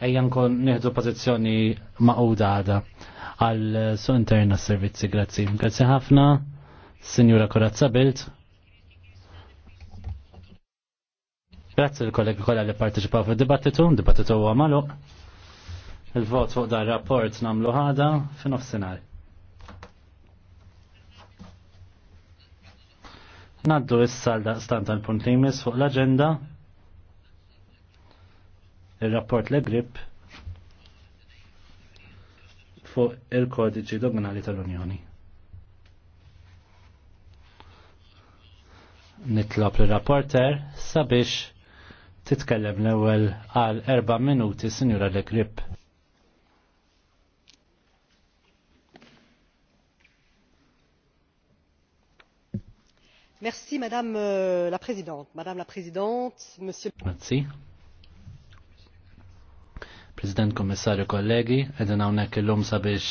ejja nkun nieħdu pożizzjoni maquda għada għal su interna servizzi, grazzi. Grazzi ħafna, Sinjura Korazza Bilt. Grazzi l-kollegi kollha li parteċipaw fid-dibattitu, dibattitu huwa magħluq. Il-vot fuq dar rapport namlu ħada f'nofsinhar. Naddu issa l-daqstant għal-punt li jmiss fuq l-agenda il-rapport le grip fuq il-kodiċi doganali tal-Unjoni. Nitlob il-rapporter sabiex titkellem l-ewwel għal erba' minuti sinjura le grip. Merci Madame euh, la Présidente, Madame la Présidente, Monsieur. Merci. President Kommissarju kollegi, edin hawnhekk illum sabiex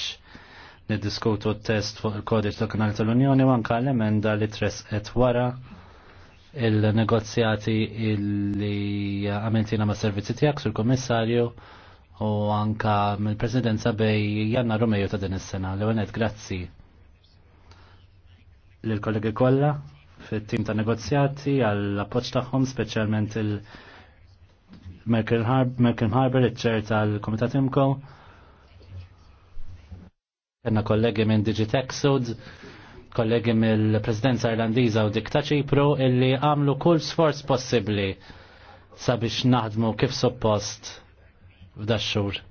niddiskutu t-test fuq il-kodiċ dokunali tal-Unjoni u anka l-emenda li et wara il-negozjati li għamiltina ma' servizzi tijak sul kommissarju u anka mill-presidenza bej Janna Romeju ta' din is-sena. Leonet, grazzi lil kollegi kollha fit-tim ta' negozjati għall appoġġ tagħhom speċjalment il- Merkel Harbour, il-ċer tal-Komitat Imko. Għanna kollegi minn Digitexud, kollegi mill-Presidenza Irlandiża u dik ta' Ċipru illi għamlu kull sforz possibbli sabiex naħdmu kif suppost f'daċxur.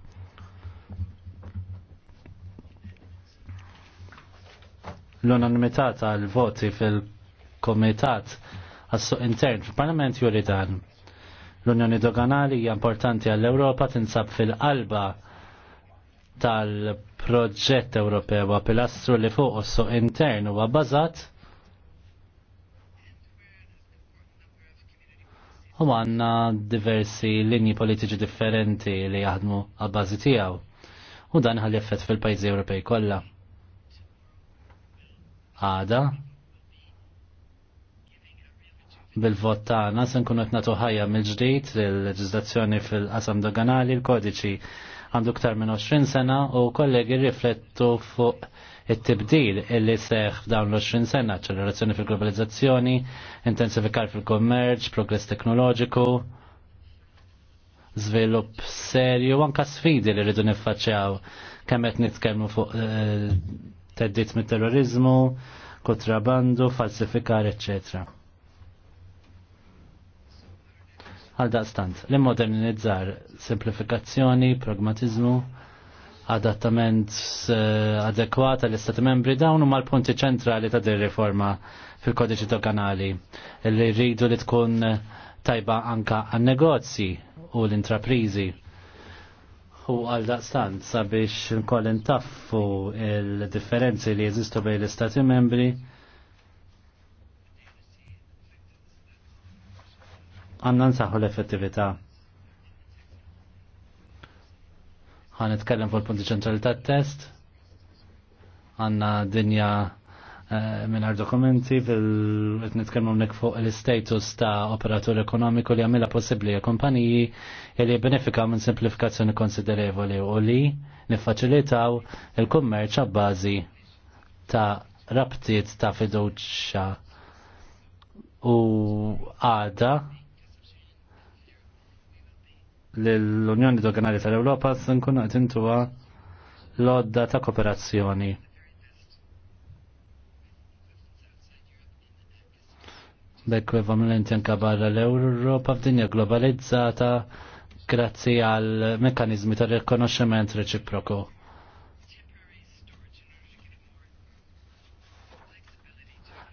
L-unanimità tal-voti fil-Komitat għas-suq intern fil-Parlament juri dan L-Unjoni Doganali hija importanti għall-Ewropa tinsab fil-qalba tal-proġett Ewropew għal pilastru li fuq ossu intern huwa bażat u għanna diversi linji politiċi differenti li jaħdmu għabbażi tijaw. U dan għal effett fil-pajzi Ewropej kollha. Għada, bil-vot tagħna se nkunu qed nagħtu ħajja mill-ġdid il-leġiżlazzjoni fil-qasam doganali l-kodiċi għandu ktar minn 20 sena u kollegi riflettu fuq it-tibdil illi seħ f'dawn l-20 sena, ċellerazzjoni fil-globalizzazzjoni, intensifikar fil-kommerċ, progress teknoloġiku, żvilupp serju, anka sfidi li rridu niffaċċjaw kemm qed nitkellmu fuq eh, teddit mit-terrorizmu, kontrabandu, falsifikar, eccetera Għal daqstant, li modernizzar simplifikazzjoni, pragmatizmu, adattament eh, adekwata l istati membri dawn huma l-punti ċentrali ta' din riforma fil-kodiċi doganali li rridu li tkun tajba anka għan negozji u l-intraprizi. U għal daqstant sabiex nkoll intaffu il-differenzi li jeżistu bejn l istati membri għanna nsaħu l-effettività. Għan nitkellem fuq punti ċentrali tat test għanna dinja eh, minar dokumenti fil-nitkellmu mnek fuq l-status ta' operatur ekonomiku li għamila possibli kompaniji li benefika minn simplifikazzjoni konsiderevoli u li niffaċilitaw il-kummerċ għabbażi ta' rabtiet ta' fiduċa u għada l-Unjoni Doganali tal europa nkun qed intuha l-odda ta' kooperazzjoni. Bekk evolventi anke barra l-Ewropa f'dinja globalizzata grazzi għal mekkaniżmi ta' rikonoxximent reċiproku.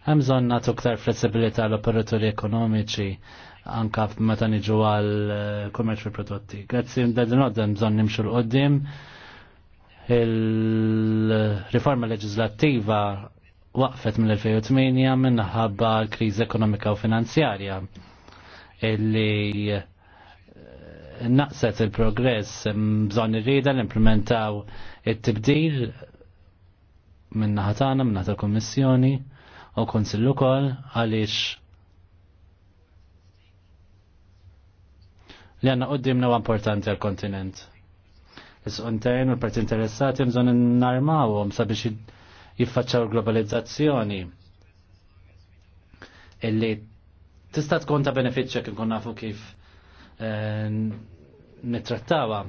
Hemm bżonn nagħtu aktar flessibilità l-operaturi ekonomiċi anka meta niġu għal eh, kummerċ fil prodotti. Grazzi mdedin għoddem bżonn nimxu l-qoddim il-riforma leġislattiva waqfet mill-2008 minħabba kriżi ekonomika u finanzjarja illi eh, naqset il-progress bżon irrida l-implementaw it-tibdil minna ħatana minna ta' kommissjoni u konsillu kol għaliex li għanna qoddimna u importanti għal-kontinent. Is-untern u l-parti interessati mżon għom sabiex jiffaċċaw globalizzazzjoni illi tista' tkun ta' benefiċċja kien kun nafu kif eh, nittrattawa.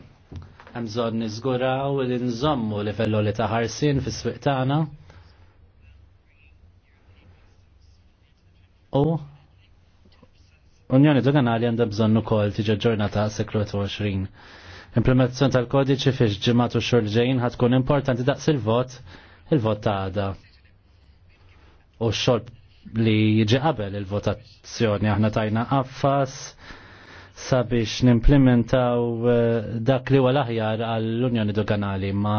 Hemm bżonn niżguraw li nżommu livellu li ta' ħarsin fis-swieq tagħna. U Unjoni Doganali għandha bżonn ukoll tiġi ġurnata seklu 20. Implementazzjoni tal-kodiċi fiex ġimgħat u xorġejn ħatkun importanti daqs il-vot, il-vot ta' għada. U xol li jiġi qabel il-votazzjoni aħna tajna qaffas sabiex nimplementaw eh, dak li huwa l-aħjar għall-Unjoni Doganali ma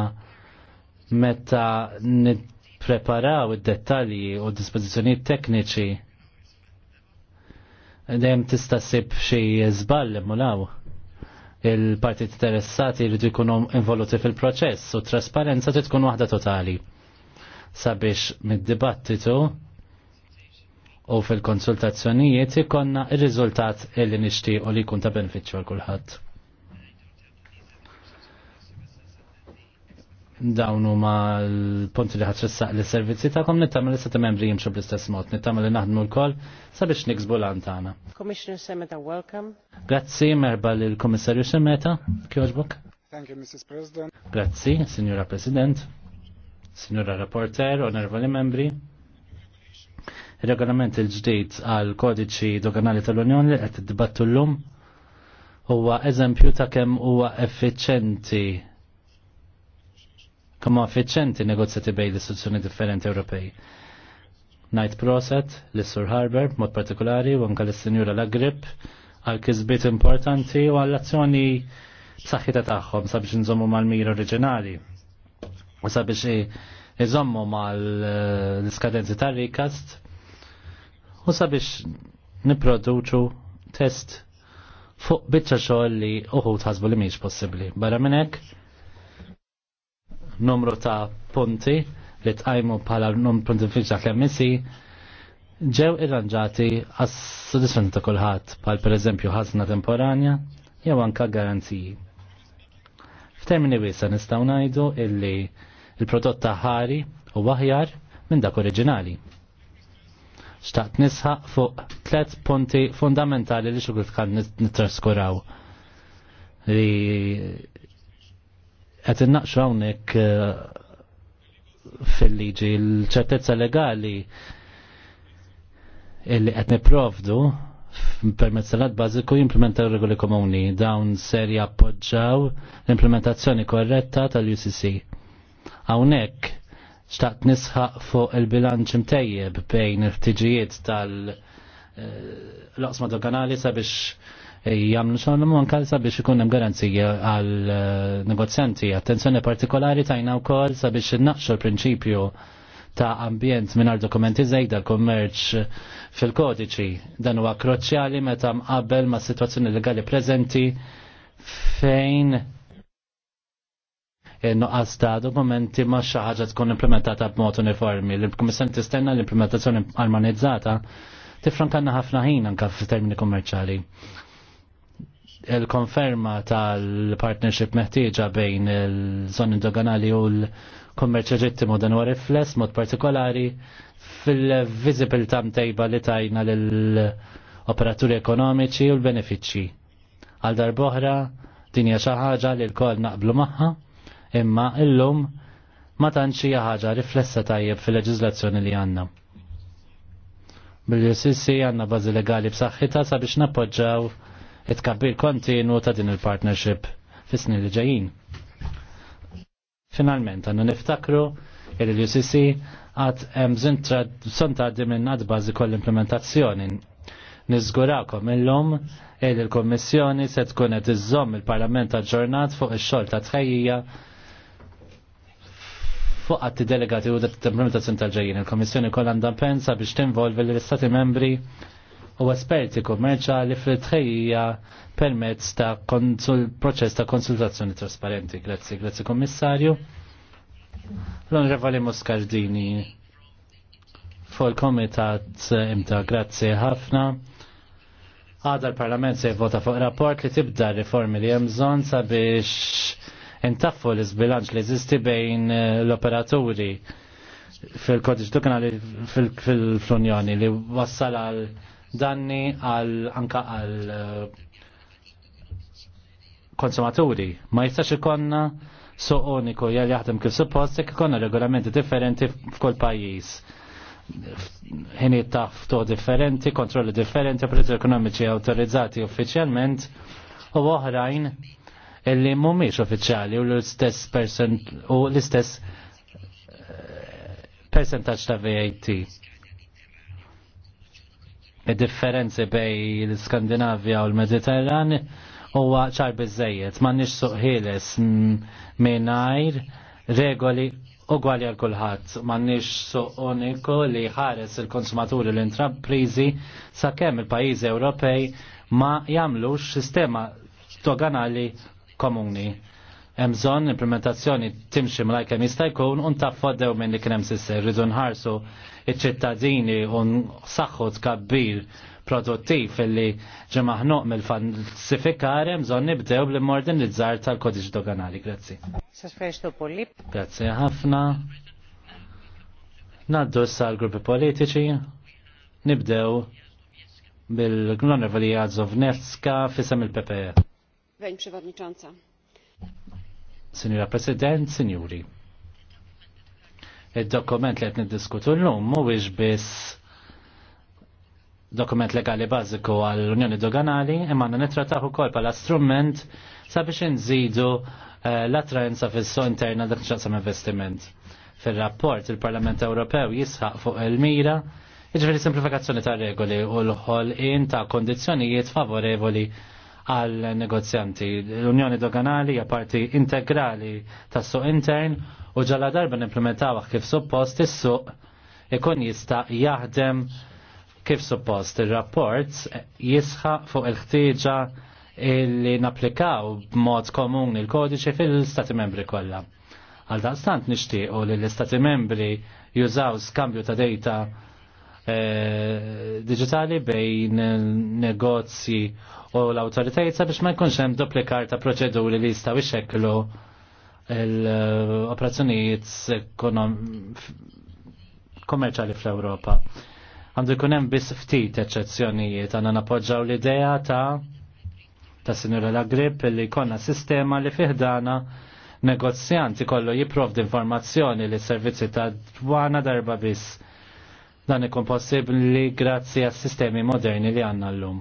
meta nippreparaw id-dettalji u d-dispożizzjonijiet tekniċi dejjem tista' ssib xi żball mulaw. Il-partit interessati jridu jkunu involuti fil-proċess u trasparenza trid tkun waħda totali. Sabiex mid-dibattitu u fil-konsultazzjonijiet ikonna ir riżultat illi nixtiequ li jkun ta' benefiċċju għal kulħadd. dawn huma l-punti li ressaq li servizzi tagħkom nittamil li seta' membri jimxu bl-istess mod, nittamil li naħdmu l-koll sabiex niksbu l tagħna. Commissioner Semeta, welcome. Grazzi, merba l komissarju Semeta, kjoġbuk. Thank you, Mrs. President. Grazzi, Signora President, Signora Rapporter, Onorevoli Membri. Il-regolament il-ġdid għal kodiċi doganali tal-Unjoni li qed l llum huwa eżempju ta' kemm huwa effiċenti kemm effiċenti negozjati bejn l-istituzzjoni differenti Ewropej. Night proset l sur Harbor, mod partikolari u anka l-Sinjura Lagrip għal kizbit importanti u għall azzjoni b'saħħitha tagħhom sabiex nżommu mal-mira oriġinali u sabiex iżommu mal skadenzi tar-rikast u sabiex niproduċu test fuq bitċa xogħol li uħu tħasbu li mhix possibbli. Barra minn hekk numru ta' punti li tqajmu bħala numru punti fiċa klemmissi ġew irranġati għas sodisfazzjoni ta' kulħadd bħal pereżempju ħazna temporanja jew anka garanziji. F'termini wiesa nistgħu ngħidu illi il-prodott ta' ħari u aħjar minn dak oriġinali. Xtaqt nisħaq fuq tlet punti fundamentali li xogħol kan nittraskuraw li Għet innaqxu għawnek eh, fil-liġi l-ċertezza legali illi qed niprovdu permezz tal bażiku jimplementaw regoli komuni dawn seri appoġġaw l-implementazzjoni korretta tal-UCC. Hawnhekk xtaqt nisħaq fuq il-bilanċ imtejjeb bejn il-ħtiġijiet tal- eh, loqsma doganali sabiex jamlu xogħol manka sabiex ikun hemm garanzija għal eh, negozjanti. Attenzjoni partikolari tajna wkoll sabiex innaqxu l-prinċipju ta' ambjent mingħajr dokumenti żejda l-kummerċ fil-kodiċi. Dan huwa kruċjali meta mqabel ma' situazzjoni legali preżenti fejn nuqqas ta' dokumenti ma' xaħġa ħaġa tkun implementata b'mod uniformi. L-Kummissjoni tistenna l-implementazzjoni armonizzata tifrankanna ħafna ħin anka f'termini kummerċali il-konferma tal-partnership meħtieġa bejn il zon indoganali u l-kummerċ ġittimu dan huwa rifless mod partikolari fil-viżibilità mtejba li tajna lill-operaturi ekonomiċi u l-benefiċċji. Għal darboħra din hija xi ħaġa li l-kol naqblu magħha, imma illum ma tantx hija ħaġa riflessa tajjeb fil leġizlazzjoni li għandna. Bil-sissi għandna bażi legali b'saħħitha sabiex nappoġġaw it-kabbir kontinu ta' din il-partnership fis-snin li ġejjin. Finalment, għannu niftakru il-UCC għad emżin sontaddi minn għad bazi koll implementazzjoni. Nizgurakom illum il il-Kommissjoni se tkun qed iżżomm il-Parlament ġurnat fuq ix-xogħol ta' tħejjija fuq għatti delegati u dat-implementazzjoni tal ġajin Il-Kommissjoni kollha għandha pensa biex tinvolvi l-Istati membri u esperti kummerċali fil-tħejja permezz ta' proċess ta' konsultazzjoni trasparenti. Grazzi, grazzi kommissarju. L-Onrevali Muscardini fuq il-Komitat imta grazzi ħafna. Għada l-Parlament se jivvota fuq rapport li tibda riformi li jemżon sabiex intaffu l-izbilanċ li jizisti bejn l-operaturi fil-kodiċ dukna fil-Unjoni li wassal għal danni għal anka għal eh, konsumaturi. Ma jistax ikonna suq uniku jgħal jaħdem kif suppost jekk ikonna regolamenti differenti f'kull pajjiż. Hini taftu differenti, kontrolli differenti, prezzi ekonomiċi autorizzati uffiċjalment u oħrajn illi mhumiex uffiċjali u l-istess person u l-istess eh, percentage ta' VAT differenzi bej l-Skandinavja u l-Mediterran huwa ċar biżejjed, ma nix suqħiles minnajr regoli uguali għal kulħadd, ma nix uniku li ħares il-konsumaturi l-intraprizi sakemm il-pajjiżi Ewropej ma jagħmlux sistema doganali komuni hemm bżonn implementazzjoni timxi mlajk kem jista' jkun u ntaffodew minn li kien hemm sisser rridu nħarsu iċ-ċittadini u saħħu kabbir produttiv illi ġemaħnuq mill-falsifikar hemm bżonn nibdew bl-immordinizzar tal kodiġ doganali. Grazzi. Grazzi ħafna. Naddu sal gruppi politiċi. Nibdew bil-Gnonervali Jadzovnetska fissam il-PPE. Vejn, Przewodnicząca. Sinjura President, Sinjuri. Il-dokument li qed niddiskutu llum mhuwiex biss dokument legali bażiku għall-Unjoni Doganali imma għandna nittrattaħ ukoll bħala strument sabiex inżidu eh, l-attrajenza fis-so interna dak xaqsam investiment. Fir-rapport il-Parlament Ewropew jisħaq fuq il-mira Iġveri simplifikazzjoni ta' regoli u l in ta' kondizjonijiet favorevoli għal negozjanti. L-Unjoni Doganali hija parti integrali tas-suq intern u ġala darba nimplementaw kif suppost is-suq ikun jista' jaħdem kif suppost ir-rapport jisħa fuq il-ħtieġa li napplikaw b'mod komuni il-kodiċi fil-Stati membri kollha. Għal daqstant nixtiequ li l-Istati membri jużaw skambju ta' data Eh, digitali bejn negozji u l-autoritajiet biex ma jkunx hemm duplikar ta' proċeduri li jistgħu jxekklu l-operazzjonijiet kommerċali fl-Ewropa. Għandu jkun hemm biss ftit eċċezzjonijiet għandna napoġġaw l-idea ta' ta' sinjura la grip li konna sistema li fiħdana negozjanti kollu jiprovdi informazzjoni li servizzi ta' dwana darba biss Dan ikun possibbli grazzi għas sistemi moderni li għandna llum.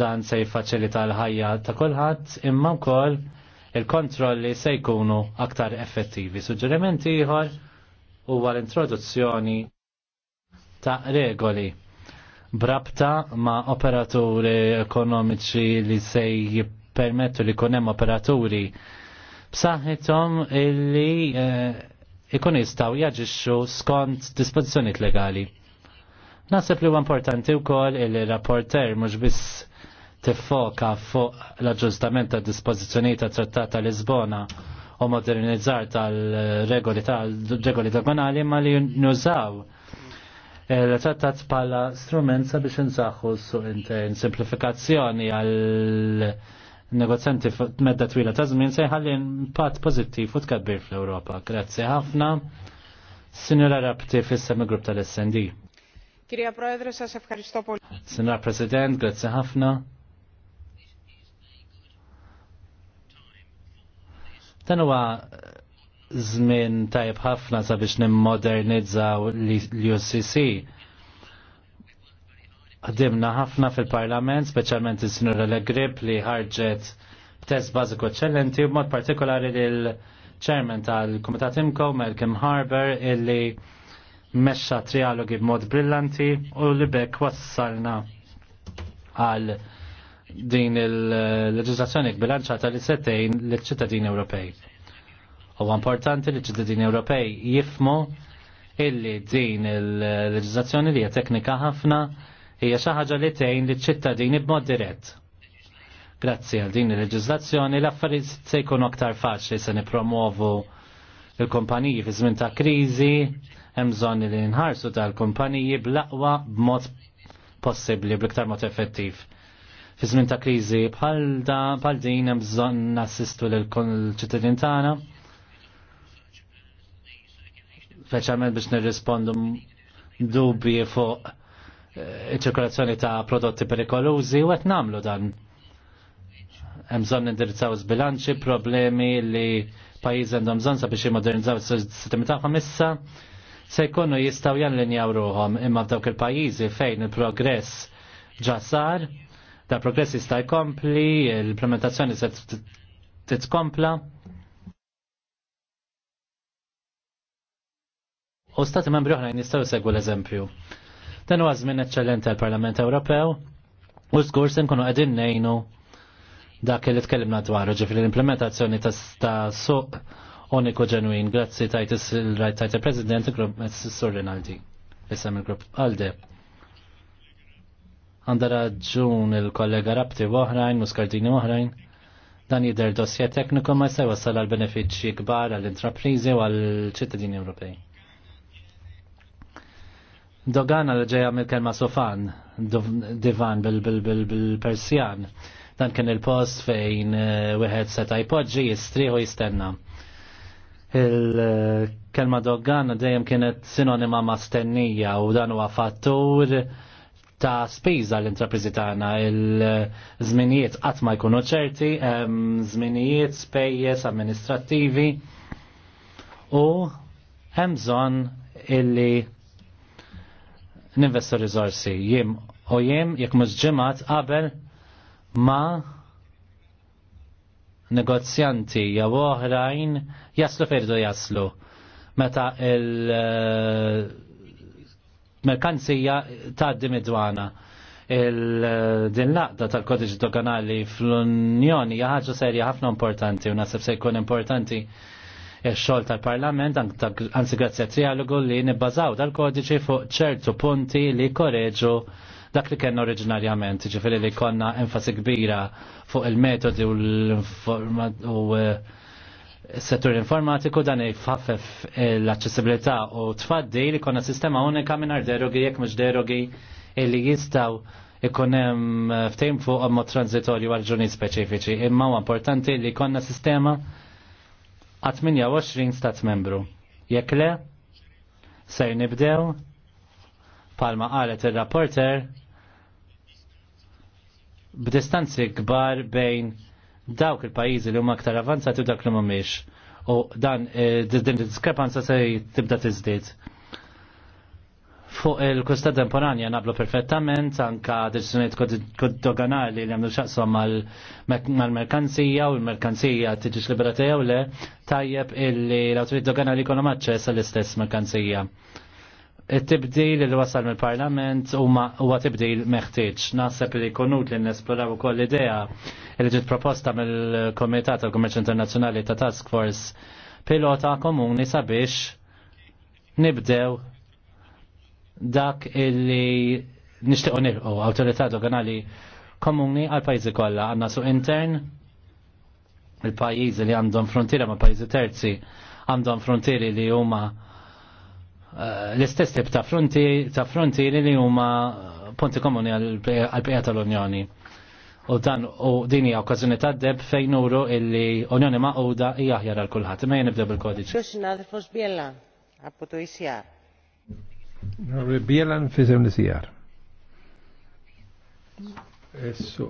Dan se jiffaċilita l-ħajja ta' kulħadd imma wkoll il-kontrolli se jkunu aktar effettivi. Suġġerimenti ieħor huwa l-introduzzjoni ta' regoli brabta ma' operaturi ekonomiċi li se jippermettu li kunem operaturi b'saħħithom illi eh, ikun jistgħu jaġixxu skont dispożizzjonijiet legali. Naħseb li huwa importanti wkoll il-rapporter mhux biss tiffoka fuq l-aġġustament ta' dispożizzjonijiet ta' Trattat ta' Lisbona u modernizzar tal-regoli tal-regoli doganali ma li nużaw l-trattat pala strument sabiex nsaħħu su intern, simplifikazzjoni għal negozjanti medda twila ta' żmien se jħalli impatt pożittiv u tkabbir fl-Ewropa. Grazzi ħafna. Sinjora Rapti fis-semi grupp tal-SND. Kirja Proedro sa' sefkaristo pol. Sinjora President, grazzi ħafna. Dan huwa żmien tajb ħafna sabiex nimmodernizzaw l-UCC Għadimna ħafna fil-parlament, specialment il-sinur Grip li ħarġet test bażiku eccellenti u mod partikolari lil chairman tal-Komitat Imko, Malcolm Harbour illi mexxa trialogi b'mod brillanti u li bekk wassalna għal din il-leġislazzjoni bilanċata li settejn l ċittadin Ewropej. U importanti li ċ-Ċittadin Ewropej jifmu illi din il-leġislazzjoni li hija teknika ħafna hija xi ħaġa li tgħin liċ-ċittadini b'mod dirett. Grazzi għal din il leġislazzjoni l-affarijiet se jkunu aktar faċli se nipromovu il-kumpaniji fi żmien ta' kriżi, hemm bżonn li nħarsu tal-kumpaniji bl-aqwa b'mod possibbli bl-iktar mod effettiv. Fi żmien ta' kriżi bħal bħal din hemm bżonn nassistu lill-ċittadin tagħna. Speċjalment biex nirrispondu dubji fuq ċirkolazzjoni ta' prodotti perikolużi u qed nagħmlu dan. Hemm bżonn indirizzaw bilanċi, problemi li pajiz għandhom bżonn sabiex jimodernizzaw is-sistemi tagħhom issa se jkunu jistgħu injaw ruhom imma f'dawk il-pajjiżi fejn il-progress ġasar, da progress jista' jkompli, l-implementazzjoni se titkompla. U stati membri oħrajn jistgħu segwu l-eżempju. Dan huwa żmien eċċellenti għall parlament Ewropew u żgur se nkunu qegħdin ngħinu dak li tkellimna dwaru ġifieri l-implementazzjoni ta' suq uniku ġenwin. Grazzi tajt il-rajt tajt il-President il-Grupp Sur Rinaldi. Isem il-Grupp Alde. Għanda raġun il-kollega Rabti oħrajn, Muskardini oħrajn dan jidher dossier tekniku ma se wasal għal benefiċċji kbar għall intrapriżi u għall ċittadini Ewropej. Dogana li ġeja mill-kelma sofan, divan bil-Persjan. Dan kien il-post fejn eh, wieħed seta' jpoġġi, jistriħu jistenna. Il-kelma dogana dejjem kienet sinonima ma' stennija u dan huwa fattur ta' spiża l-intrapriżi tagħna il-żminijiet qatt ma jkunu ċerti, żminijiet spejjeż amministrattivi u hemm bżonn illi ninvestu rizorsi jiem u jiem jekk mhux ġimgħat qabel ma negozjanti jew oħrajn jaslu ferdu jaslu meta il eh, merkanzija tgħaddi midwana il-din eh, laqda tal-kodiġ doganali fl-Unjoni hija ħaġa serja ħafna importanti u nasib se jkun importanti xogħol tal-Parlament, anzi grazzi għat-trialogu li nibbażaw dal-kodiċi fuq ċertu punti li korreġu dak li kenna oriġinarjament, ġifiri li konna enfasi kbira fuq il-metodi u l-settur eh, informatiku dan jfaffef eh, l-accessibilità u tfaddi li konna sistema unika minn derogi jekk mhux derogi illi jistaw ikonem eh, ftejn fuq mod transitorju għal ġuni speċifiċi. Imma u importanti li konna sistema 28 stat membru. Jekk le, sej nibdew, palma qalet il-rapporter, b'distanzi kbar bejn dawk il-pajizi li huma aktar avanzati u dak li mhumiex. U dan eh, din id diskrepanza se tibda tiżdied. Fuq il-kusta temporanja nablu perfettament anka deċizjoniet doganali li għamlu xaqsom mal-merkanzija u l-merkanzija tiġix liberata jew le tajjeb illi l-autorit doganali jkunu maċċess għall-istess merkanzija. Il-tibdil li wasal mill-parlament huwa tibdil meħtieġ. Naħseb li konut li nesploraw ukoll l-idea li ġiet proposta mill-Komitat tal-Kummerċ Internazzjonali ta' Task Force pilota komuni sabiex nibdew dak illi nishtiqo nilqu autorità doganali komuni għal pajzi kollha għandna su intern il-pajjiżi li għandhom frontiera ma' pajjiżi terzi għandhom frontieri li huma eh, l-istess tip ta' frontieri ta' frontieri li huma punti komuni għal-bqija tal-Unjoni. U dan u din hija okkażjoni ta' deb fejn nuru illi Unjoni Maquda hija aħjar għal kulħadd. Ma jien nibda bil-kodiċ. Bielan fizem li sijar. Essu,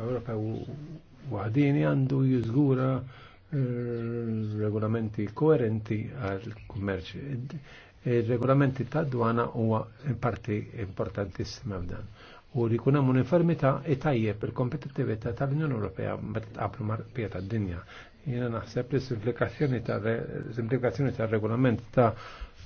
Europa eh, wahdini għandu jizgura eh, regolamenti koerenti għal kummerċ. Il-regolamenti ta' dwana huwa parti importantissima f'dan. U li kun hemm uniformità itajjeb e il-kompetittività tal-Unjoni Ewropea meta mar mal-pija tad-dinja. Jiena naħseb li s-simplikazzjoni tar-regolament ta'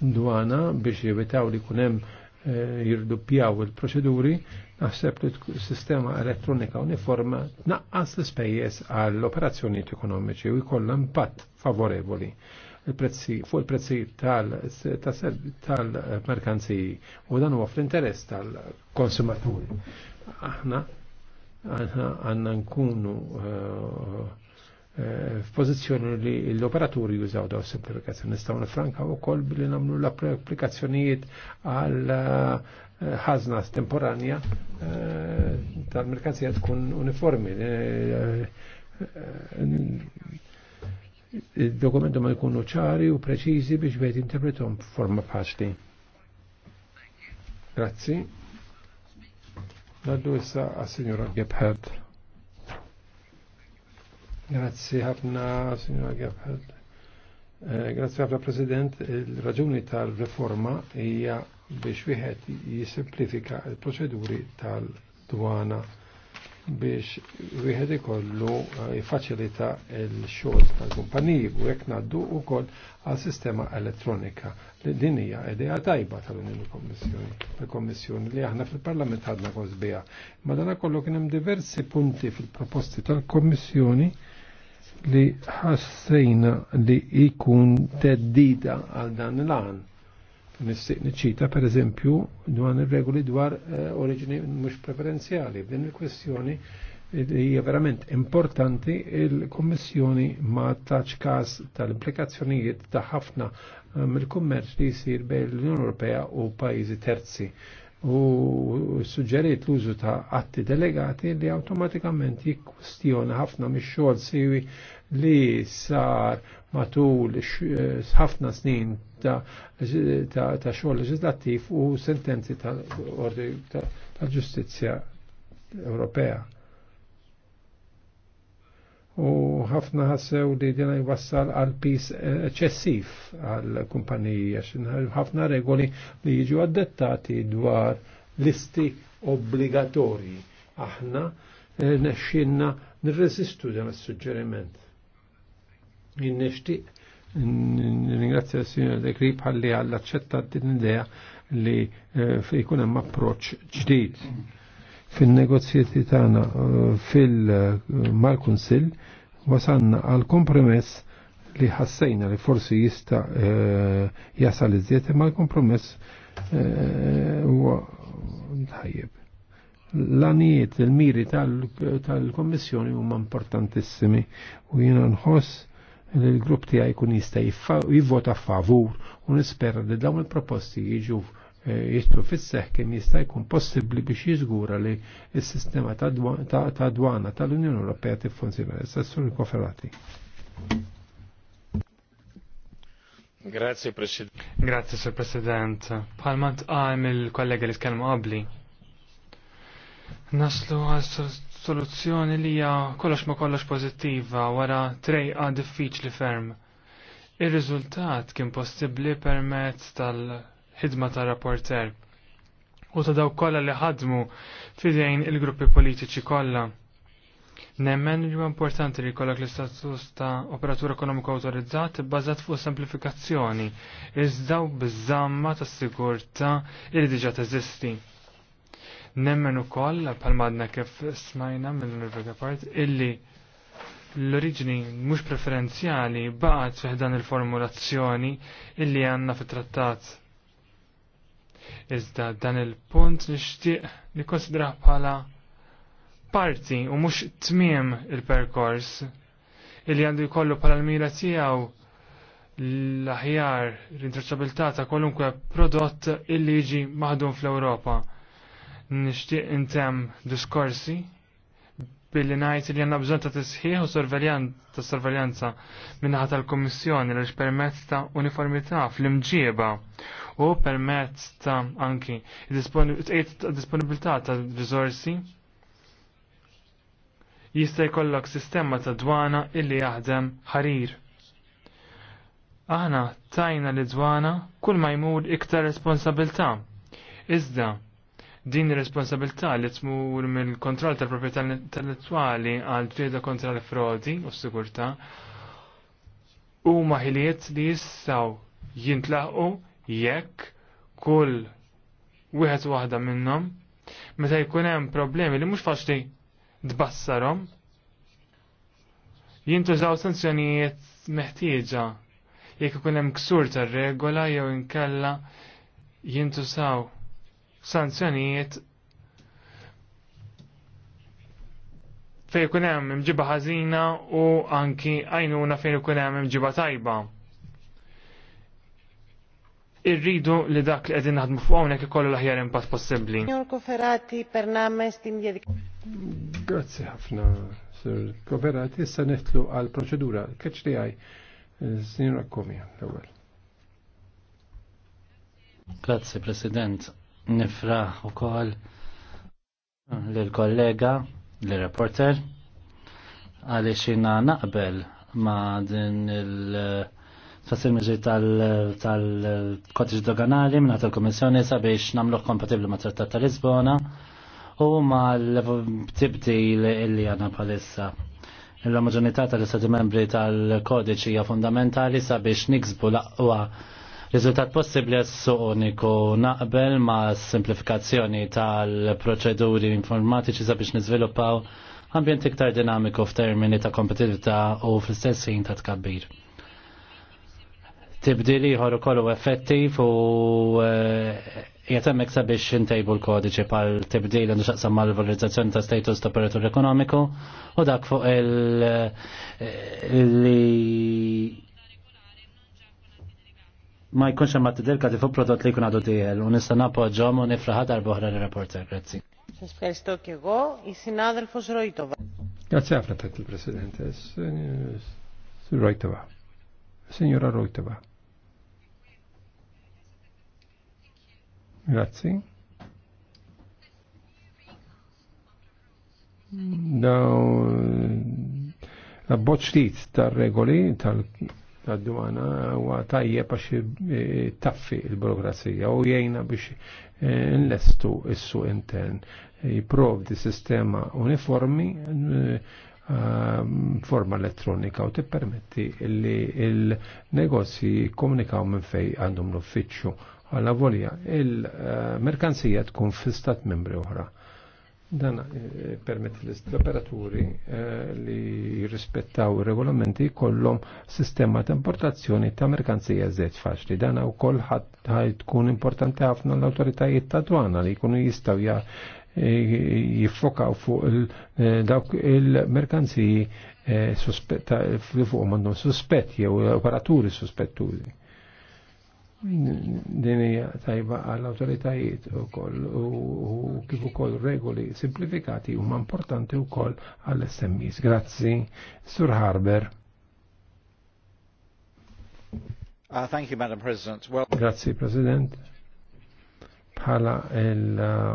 dwana biex jivitaw li kunem eh, jirduppjaw il-proċeduri, naħseb li sistema elettronika uniforma tnaqqas l-spejjeż għall operazzjonijiet ekonomiċi u jkollna impatt favorevoli fuq il-prezzi tal-merkanziji u dan huwa fl-interess tal-konsumaturi. Aħna għanna nkunu eh, f'pożizzjoni li l-operaturi jużaw daw simplifikazzjoni. Nistgħu nifranka wkoll billi nagħmlu l-applikazzjonijiet għal eh, ħażna temporanja eh, tal-merkanzija tkun uniformi. Il-dokumentu eh, ma jkunu ċari u preċiżi biex bejt interpretom forma faċli. Grazzi. Naddu issa għas-Sinjora Gebhardt. Grazzi ħafna, signora Gerhard. Eh, grazzi ħafna, President. Il-raġuni tal-reforma hija biex wieħed jisimplifika il-proċeduri tal-dwana biex wieħed ikollu eh, jfaċilita l-xogħol tal-kumpaniji u hekk ngħaddu wkoll għal sistema elettronika. Din hija idea tajba tal-Unjoni Kommissjoni, il-Kommissjoni li aħna fil-Parlament għadna kos biha. Ma dana kollu kien hemm diversi punti fil-proposti tal-Kommissjoni li ħassejna li ikun teddida għal dan l-għan. Nistiqniċita per eżempju dwar il-regoli dwar eh, oriġini mhux preferenzjali. Din il-kwestjoni eh, hija verament importanti il-Kommissjoni ma taċ każ tal-implikazzjonijiet ta' ħafna eh, mill-kummerċ li jsir bejn l-Unjoni Ewropea u pajjiżi terzi u suġġeriet l-użu ta' atti delegati li automatikament jikkustjoni ħafna mix-xogħol siwi li sar matul eh, ħafna snin ta', xogħol leġislattiv u sentenzi tal-ġustizzja ta Ewropea u ħafna ħassew li dina jwassal għal pis eh, eċessif għal kumpanija ħafna regoli li jiġu għaddettati dwar listi obbligatorji. Aħna eh, nexxinna nirreżistu dan is-suġġeriment. Jinnextieq Ringrazzja s-Sinjor Dekri bħalli għall-accetta din idea li eh, jkun hemm approċċ ġdid fin-negozjati tagħna uh, fil-mal-Kunsill wasanna għal kompromess li ħassejna li forsi jista uh, jasal iżjed imma l-kompromess uh, huwa tajjeb. L-anijiet, il-miri tal-Kommissjoni huma importantissimi u jiena nħoss li l-grupp tiegħi jkun jista' jivvota favur u nispera li dawn il-proposti jiġu jitlu fisseħ kien jista' jkun possibbli biex jiżgura li s-sistema ta' dwana tal-Unjoni Ewropea tiffunzjona. Mela. Sessur Koferati. Grazie Presidente. Grazie Sir President. Palma tqajm il-kollega li tkellmu qabli. Naslu għal soluzzjoni li hija kollox ma kollox pożittiva wara trejqa diffiċli ferm. Ir-riżultat kien possibbli permezz tal- ħidma ta' rapporter u ta' daw kolla li ħadmu fidejn il-gruppi politiċi kolla. Nemmen li importanti li kollok l-istatus ta' operatur ekonomiku autorizzat bbażat fuq semplifikazzjoni, iżdaw bizzamma ta' sigurta li diġa teżisti. Nemmen ukoll palmadna kif smajna mill-Norvega Part illi l-oriġini mhux preferenzjali baqgħet fih dan il-formulazzjoni illi għandna fit-trattat Iżda dan il-punt nixtieq nikkonsidrah bħala parti u mhux tmiem il-perkors illi għandu jkollu bħala l-mira tiegħu l-aħjar l-intraċabilità ta' kwalunkwe prodott illi jiġi maħdum fl-Ewropa. Nixtieq intemm diskorsi billi ngħid li għandna bżonn ta' tisħiħ u sorveljanza sorveljanza minnaħa tal-Kummissjoni li permezz ta' uniformità fl-imġieba u permezz ta' anki disponibilità ta' rizorsi jista' jkollok sistema ta' dwana illi jaħdem ħarir. Aħna tajna li dwana kull ma jmur iktar responsabilta. Iżda, din ir-responsabilità li tmur mill-kontroll tal-proprjetà intellettwali għal tweda kontra l-frodi u s-sigurtà huma maħiliet li jistgħu jintlaqu jekk kull wieħed waħda minnhom meta jkun hemm problemi li mhux faċli tbassarhom jintużaw sanzjonijiet meħtieġa jekk ikun hemm ksur tar-regola jew inkella jintużaw sanzjonijiet fej kunem hemm imġiba ħażina u anki għajnuna fejn ikun hemm imġiba tajba. Irridu li dak li qegħdin naħdmu fuq hawnhekk ikollu l-aħjar impatt possibbli. Grazzi ħafna, Sir Koferati, issa netlu għal proċedura. Keċ li għaj, Sinjora Komija, l-ewwel. Grazie, President nifraħ u kol l-kollega, l-reporter, għalli xina naqbel ma din il- Fassil miġi tal-kodiċ doganali minna tal-Komissjoni sabiex namluħ kompatibli ma' Trattat ta' Lisbona u ma' l-tibdil illi għana palissa. L-omogenità tal-Istati membri tal-kodiċi hija fundamentali sabiex niksbu laqwa Riżultat possibbli għas uniku naqbel ma' simplifikazzjoni tal-proċeduri informatiċi sabiex niżviluppaw ambjent iktar dinamiku f'termini ta' kompetitività u fl-istess ħin ta' tkabbir tibdil ieħor ukoll effettiv u eh, jatemmek sabiex intejbu l-kodiċi pal tibdil għandu xaqsam mal valorizzazzjoni ta' status ta' operatur ekonomiku u dak fuq il- eh, li ma jkunx hemm delka li fuq prodott li jkun għadu tiegħel u nista' napoġġhom u nifraħa darba oħra reporter rapporter Grazzi. Ευχαριστώ και Grazie a il Presidente. Ροϊτοβα. Signora Rojtova. Grazie. Daw la boċtit tar-regoli tal tad-dwana huwa tajjeb għax taffi il-burokrazija u jgħinna biex eh, nlestu s-suq intern jipprovdi sistema uniformi eh, forma elettronika u tippermetti li il-negozji komunikaw minn fej għandhom l-uffiċċju għalla volja il-merkanzija eh, tkun fi stat membri oħra. Dan eh, permet l-operaturi eh, li jirrispettaw regolamenti kollom sistema ta' importazzjoni ta' merkanzija zeċ faċli. Dana u koll ħaj tkun importanti ħafna l-autoritajiet ta' dwana li jkunu jistaw eh, jiffokaw fuq dawk il-merkanziji fuq mandom suspett jew operaturi suspettużi dinija tajba għall u ukoll u kif ukoll regoli simplifikati huma importanti wkoll għall sms Grazzi, Sur Harber. Uh, thank you, Madam President. Well... President. Bħala il uh,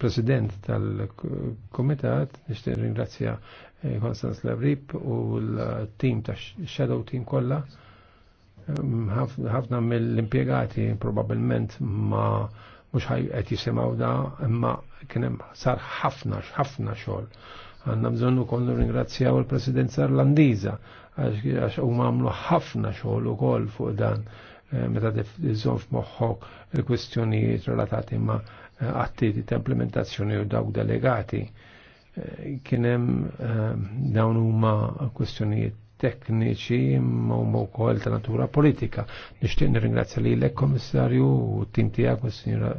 President tal-Komitat, nishtin ringrazzja eh, Konstanz Lavrip u l-team ta' Shadow Team kollha ħafna mill-impiegati probabilment ma mux qed jisimgħu da imma kien hemm sar ħafna ħafna xogħol. Għandna bżonnu ukoll ringrazzjaw il-presidenza irlandiża għax huma għamlu ħafna xogħol ukoll fuq dan eh, meta tiżżomm f'moħħok il-kwistjonijiet relatati ma' eh, attiti ta' implementazzjoni u dawk delegati eh, Kien hemm dawn huma kwistjonijiet tekniċi u wkoll ta' natura politika. Nixtieq nirringrazzja lilek Kommissarju u tim tiegħek mis-Sinjura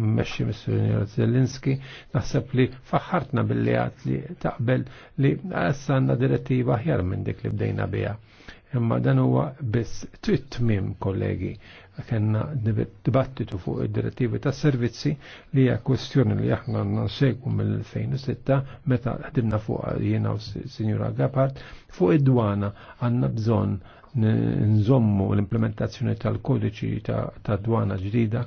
Mmexxi mis-Sinjura Zelinski. Naħseb li faħħartna billi għat li taqbel li għassanna direttiva ħjar minn dik li bdejna biha. Imma dan huwa biss trid tmiem kollegi. Kenna dibattitu fuq id-direttivi ta' servizzi li hija kwestjoni li aħna nsegwu mill-2006 meta ħdimna fuq jiena u Sinjura Gapart fuq id-dwana għandna bżonn nżommu l-implementazzjoni tal-kodiċi ta' dwana ġdida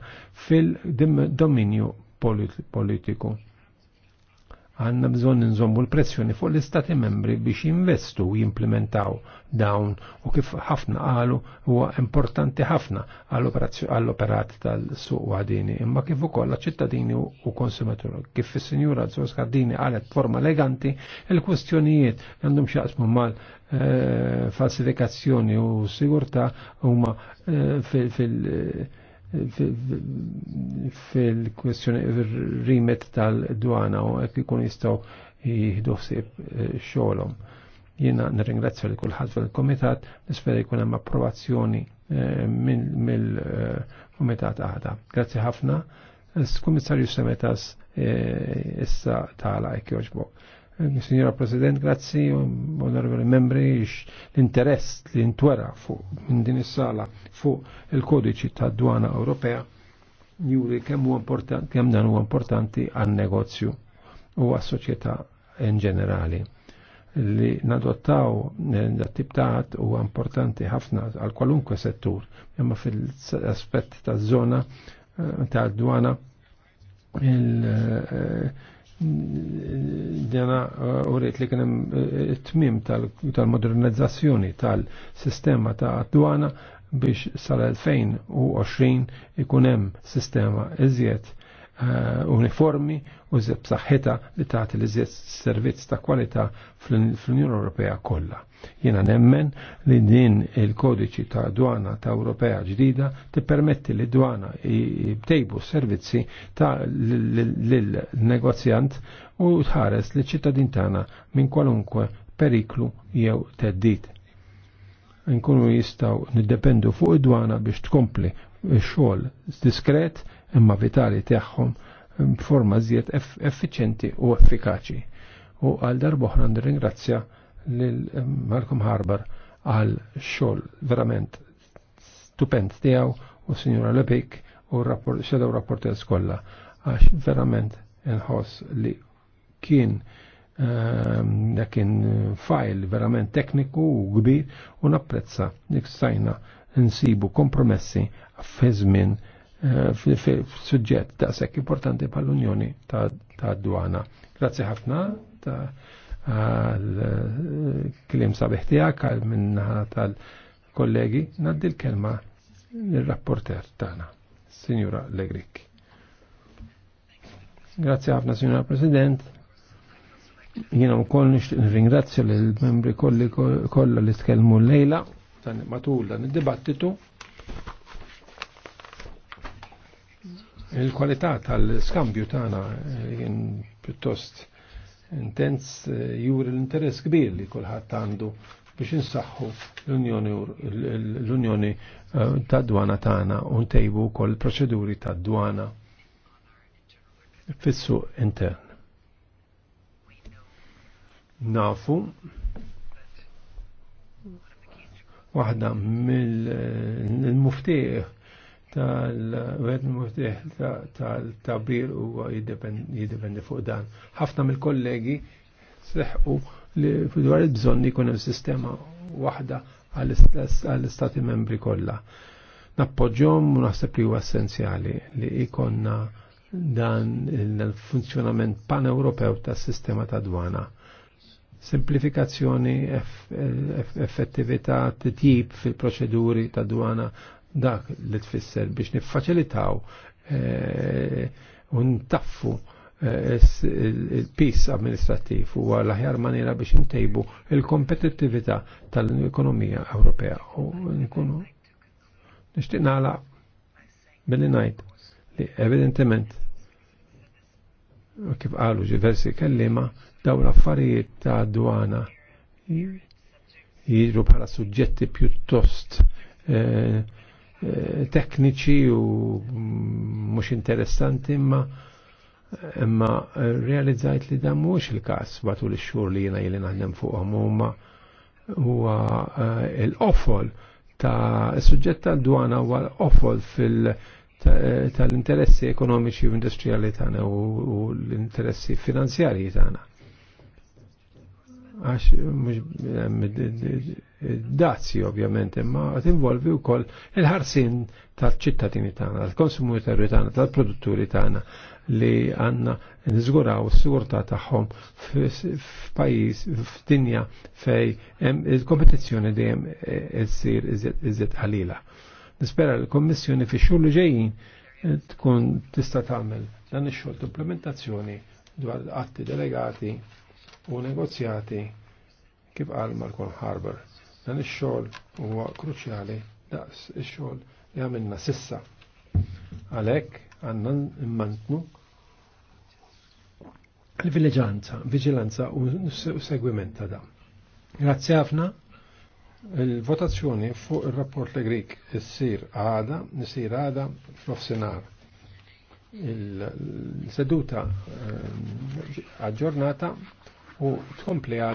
fil-dominju politiku għanna bżon ninżommu l-pressjoni fuq l-istati membri biex jinvestu u jimplementaw dawn u kif ħafna għalu huwa importanti ħafna għall-operat tal-suq għadini imma kif ukoll ċittadini u konsumaturi. Kif is-sinjura Zos Gardini għalet forma eleganti il-kwestjonijiet għandhom xaqsmu mal eh, falsifikazzjoni u sigurta huma eh, fil- fil-kwestjoni rimet tal-dwana u għek ikun jistaw jihduħsib eh, xolom. Jena nirringrazzja li kullħat fil-komitat, nispera jkun hemm approvazzjoni eh, mill-komitat eh, għada. Grazzi ħafna. S-komissarju Semetas issa tala ek Signora President, grazzi, onorevoli membri, l'interess li intwera fu min din is-sala fu il-kodiċi ta' dwana Ewropea juri kemm huwa importanti kemm dan huwa importanti għan negozju u għas-soċjetà in ġenerali. Li nadottaw eh, dat-tip ta' huwa importanti ħafna għal kwalunkwe settur, imma fil-aspett ta' zona eh, ta' dwana il- eh, dena eh, uriet li kienem eh, t-tmim tal-modernizzazzjoni tal-sistema ta' dwana biex sal-2020 ikunem sistema iżjed Eh, uniformi u zeb saħħita li tagħti li servizz ta' kwalità fl-Unjoni Ewropea kollha. Jiena nemmen li din il-kodiċi ta' dwana ta' Ewropea ġdida tippermetti li dwana jibtejbu servizzi ta' lill-negozjant u tħares li ċittadin tagħna minn kwalunkwe periklu jew teddit. Nkunu jistaw niddependu fuq id-dwana biex tkompli xogħol diskret imma vitali tagħhom mm, b'forma żjed effiċenti u effikaċi. U għal darboħra nirringrazzja lil mm, Malcolm Harbour għal xogħol verament stupend tiegħu u Sinjura Lepik u xedew rapporters kollha għax verament nħoss li kien ehm, kien file verament tekniku u kbir u napprezza li sajna nsibu kompromessi f'eżmin f'suġġett da' sekk importanti l unjoni ta' dwana. Grazzi ħafna ta' għal-klim sabiħ għal minna tal-kollegi naddi l-kelma l-rapporter tana, Signora Legrik. Grazie ħafna, Signora President. Jena u koll nix ringrazzja l-membri kolli kolla li tkellmu l-lejla matul dan id-dibattitu Il-kwalità tal-skambju tagħna kien eh, pjuttost intens eh, juri l-interess kbir li kulħadd għandu biex insaħħu l-Unjoni eh, tad-dwana tagħna u ntejbu wkoll proċeduri tad-dwana fissu intern. Nafu waħda mill-muftiq tal-vedn muftiħ tal-tabir u jiddependi fuq dan. ħafna mill-kollegi seħqu li dwar il bżon kun hemm sistema waħda għall-istati membri kollha. Nappoġom u naħseb li huwa essenzjali li ikonna dan il-funzjonament pan-Ewropew tas-sistema ta' dwana simplifikazzjoni, effettività, t-tip fil-proċeduri ta' dwana dak li tfisser biex niffaċilitaw eh, u ntaffu eh, il-pis amministrativ u l-aħjar maniera biex ntejbu il-kompetittività tal-ekonomija Ewropea. U nkunu nishtiq nagħlaq billi ngħid li evidentement kif qalu ġiversi kellima daw l-affarijiet ta' dwana jiġru bħala suġġetti pjuttost eh, Eh, tekniċi u mm, mhux interessanti imma imma realizzajt li dan mux il-każ matul ix-xhur li jiena jilin għandem fuqhom huma u eh, l offol ta' suġġett tad-dwana huwa l offol fil- eh, tal-interessi ekonomiċi u industrijali tagħna u l-interessi finanzjarji tagħna għax eh, dazzi ovvjament imma għat involvi u koll il-ħarsin tal-ċittadini tagħna, tal-konsumitari tagħna, tal-produtturi tagħna li għanna nizguraw s-sigurta tagħhom f'pajjiż f'dinja fej il-kompetizzjoni dejjem eh, sir iżjed għalila. Nispera l-Kommissjoni fi xur li ġejjin eh, tkun tista' tagħmel dan ix-xogħol implementazzjoni dwar atti delegati u negozjati kif għal Malcolm Harbour. Dan ix-xogħol huwa kruċjali daqs ix-xogħol li għamilna sissa. Għalhekk għandna immantnu l vigilanza vigilanza u segwiment ta' dan. Grazzi ħafna. Il-votazzjoni fuq il-rapport li Grik issir għada, nisir għada fl-offsenar. Il-seduta eh, aġġornata u tkompli